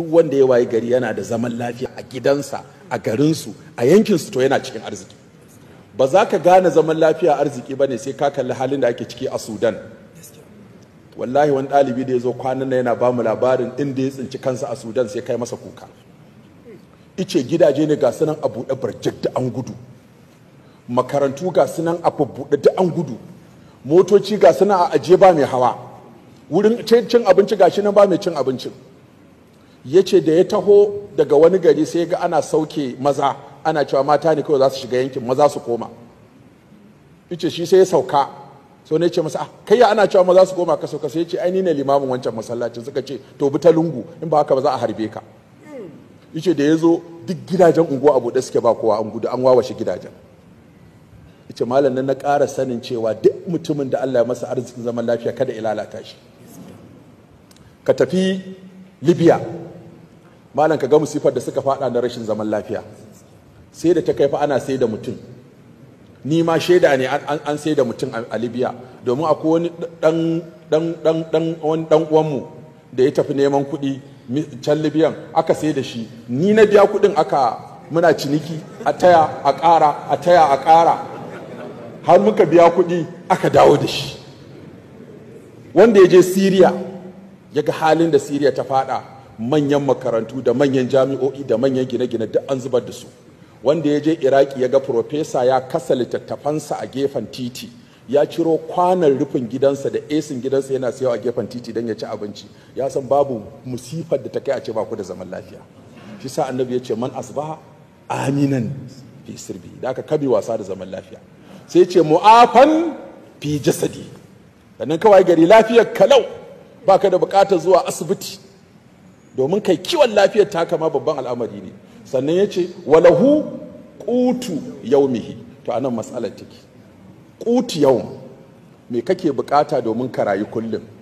duk wanda ya wayi gari yana da zaman lafiya a gidansa a garinsu a yankinsu to yana cikin arziki ba za ka gane zaman lafiya arziki ba ne sai ka kalli halin da ake ciki a sudan wallahi wani ɗalibi da ya zo kwanan nan yana bamu labarin inda ya tsinci kansa a sudan sai kai masa kuka ice gidaje ne ga sunan a buɗe barjik da an gudu makarantu ga sunan a buɗe da an gudu motoci ga sunan a ajiye ba mai hawa wurin cin abinci ga shi nan ba mai cin abincin ya ce da ya taho daga wani gari sai ga ana sauke maza ana cewa mata ne kawai za su shiga yankin maza su koma yace shi sai ya sauka so ne ce masa ah, kai ya ana cewa maza su koma ka sauka sai ya ce ai ni ne limamin wancan masallacin suka ce to bi ta lungu in ba haka ba za a harbe ka yace da ya zo duk gidajen unguwa abu da suke ba kowa an gudu an wawashe gidajen yace malam nan na ƙara sanin cewa duk mutumin da Allah ya masa arzikin zaman lafiya kada ya lalata shi ka tafi Libya malam ka ga musifar da suka fada na rashin zaman lafiya sai da ta kaifa ana sai da mutum ni ma shaida ne an sai da mutum a libya domin akwai wani dan uwanmu da ya tafi neman kuɗi can libyan aka sai da shi ni na biya kuɗin aka muna ciniki a taya a ƙara a taya a ƙara har muka biya kuɗi aka dawo da shi wanda ya je siriya ya ga halin da siriya ta fada manyan makarantu da manyan jami'o'i da manyan gine-gine duk an zubar da su wanda ya je iraki ya ga profesa ya kasa littattafansa a gefen titi ya ciro kwanan rufin gidansa da esin gidansa yana sayo a gefen titi don ya ci abinci ya san babu musifar da ta kai a ce ba ku da zaman lafiya shi sa annabi ya ce man asba aminan fi sirbi da aka kabi wasa da zaman lafiya sai ce mu'afan fi jasadi sannan kawai gari lafiyar kalau baka da bukatar zuwa asibiti domin kai kiwon lafiyar ta kama babban al'amari ne sannan ya ce walahu ƙutu yaumihi to anan matsalar take kutu yau me kake bukata domin ka rayu kullum